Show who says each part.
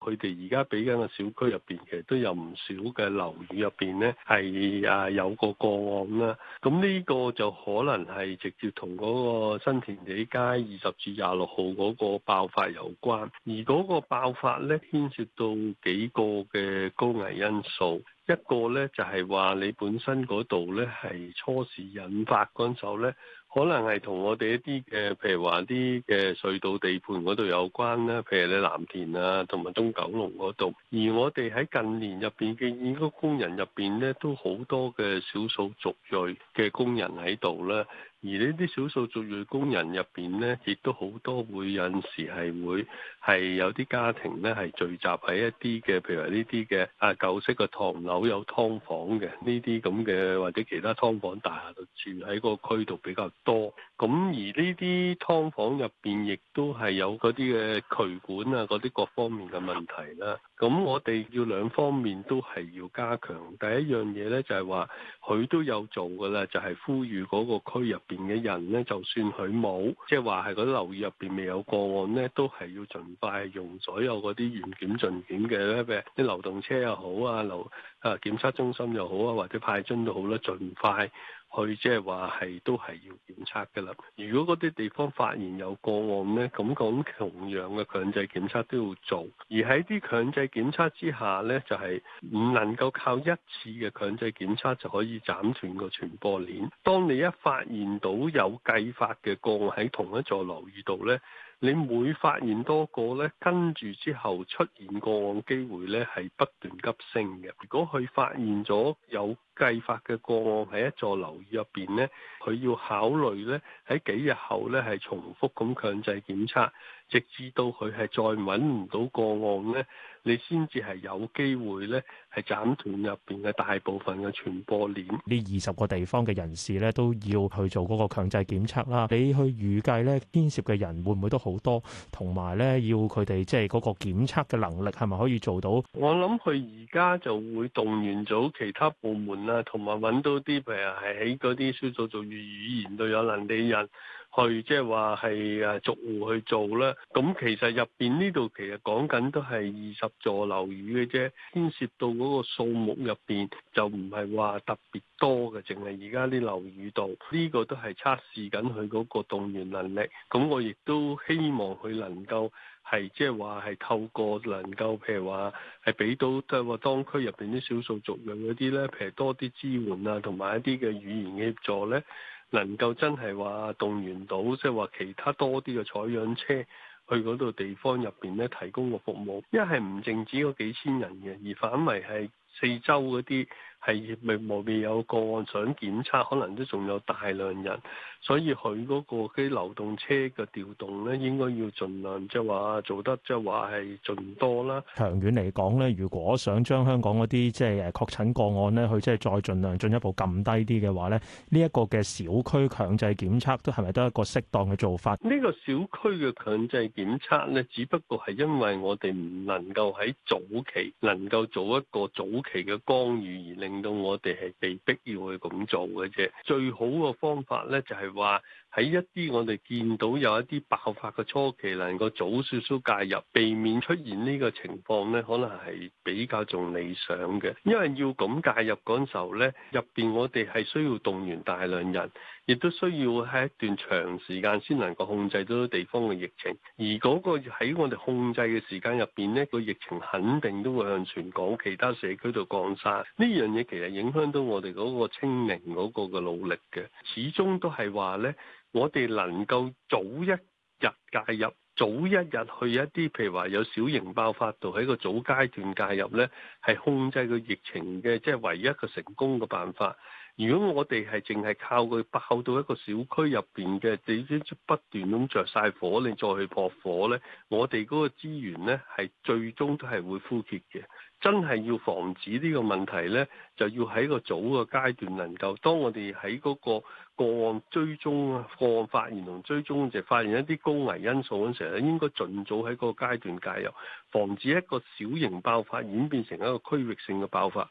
Speaker 1: 佢哋而家俾緊個小區入邊，其實都有唔少嘅樓宇入邊呢，係啊有個個案啦。咁呢個就可能係直接同嗰個新填地街二十至廿六號嗰個爆發有關，而嗰個爆發呢，牽涉到幾個嘅高危因素。一個呢，就係話你本身嗰度呢，係初時引發嗰陣時咧，可能係同我哋一啲嘅，譬如話啲嘅隧道地盤嗰度有關啦。譬如你藍田啊，同埋中九龍嗰度。而我哋喺近年入邊嘅建築工人入邊呢，都好多嘅少數族裔嘅工人喺度咧。而呢啲少數族裔工人入邊呢，亦都好多會有時係會係有啲家庭呢係聚集喺一啲嘅，譬如呢啲嘅啊舊式嘅唐樓有劏房嘅呢啲咁嘅，或者其他劏房大廈度住，喺嗰個區度比較多。咁而呢啲㓥房入邊亦都係有嗰啲嘅渠管啊，嗰啲各方面嘅問題啦。咁我哋要兩方面都係要加強。第一樣嘢呢，就係話佢都有做㗎啦，就係、係、呼籲嗰個區入。邊嘅人咧，就算佢冇，即係話係個啲樓宇入邊未有個案咧，都係要盡快用所有嗰啲原檢盡檢嘅咧，譬如啲流動車又好啊，流啊檢測中心又好啊，或者派樽都好啦，盡快。去即係話係都係要檢測㗎啦。如果嗰啲地方發現有個案呢，咁講同樣嘅強制檢測都要做。而喺啲強制檢測之下呢，就係、是、唔能夠靠一次嘅強制檢測就可以斬斷個傳播鏈。當你一發現到有繼發嘅個案喺同一座樓宇度呢。你每發現多個咧，跟住之後出現個案機會咧，係不斷急升嘅。如果佢發現咗有計法嘅個案喺一座樓宇入邊呢，佢要考慮呢喺幾日後呢係重複咁強制檢測。直至到佢係再揾唔到個案呢，你先至係有機會呢，係斬斷入面嘅大部分嘅傳播鏈。
Speaker 2: 呢二十個地方嘅人士呢，都要去做嗰個強制檢測啦。你去預計呢，牽涉嘅人會唔會都好多，同埋呢，要佢哋即係嗰個檢測嘅能力係咪可以做到？
Speaker 1: 我諗佢而家就會動員咗其他部門啦，同埋揾到啲譬如係喺嗰啲書做做粵語語言都有能力人。去即係話，係，誒逐戶去做咧，咁其實入邊呢度其實講緊都係二十座樓宇嘅啫，牽涉到嗰個數目入邊就唔係話特別多嘅，淨係而家啲樓宇度呢個都係測試緊佢嗰個動員能力。咁我亦都希望佢能夠，係即係話，係透過能夠譬如話，係俾到即係話當區入邊啲少數族裔嗰啲咧，譬如多啲支援啊，同埋一啲嘅語言協助咧。能夠真係話動員到，即係話其他多啲嘅採樣車去嗰度地方入邊呢，提供個服務，一係唔淨止嗰幾千人嘅，而反為係。四周嗰啲係未外未有個案想檢測，可能都仲有大量人，所以佢嗰、嗰個啲流動車嘅調動咧，應該要盡量即係話做得即係話係盡多啦。
Speaker 2: 長遠嚟講咧，如果想將香港嗰啲即係誒確診個案咧，佢即係再盡量進一步撳低啲嘅話咧，呢、嗰個、一個嘅小區強制檢測都係咪都係一個適當嘅做
Speaker 1: 法？呢個小區嘅強制檢測咧，只不過係因為我哋唔能夠喺早期能夠做一個早期嘅干預而令到我哋係被逼要去咁做嘅啫，最好嘅方法咧就係話喺一啲我哋見到有一啲爆發嘅初期，能夠早少少介入，避免出現呢個情況咧，可能係比較仲理想嘅，因為要咁介入嗰陣時候咧，入邊我哋係需要動員大量人。亦都需要喺一段長時間先能夠控制到地方嘅疫情，而嗰個喺我哋控制嘅時間入邊咧，個疫情肯定都會向全港其他社區度降晒，呢樣嘢其實影響到我哋嗰個清零嗰個嘅努力嘅，始終都係話咧，我哋能夠早一日介入，早一日去一啲譬如話有小型爆發度喺個早階段介入咧，係控制個疫情嘅，即係唯一一個成功嘅辦法。如果我哋係淨係靠佢爆到一個小區入邊嘅，已經不斷咁着晒火，你再去撲火呢，我哋嗰個資源呢係最終都係會枯竭嘅。真係要防止呢個問題呢，就要喺個早個階段能夠，當我哋喺嗰個個案追蹤啊、個案發現同追蹤，就發現一啲高危因素嗰陣時候，應該儘早喺個階段介入，防止一個小型爆發演變成一個區域性嘅爆發。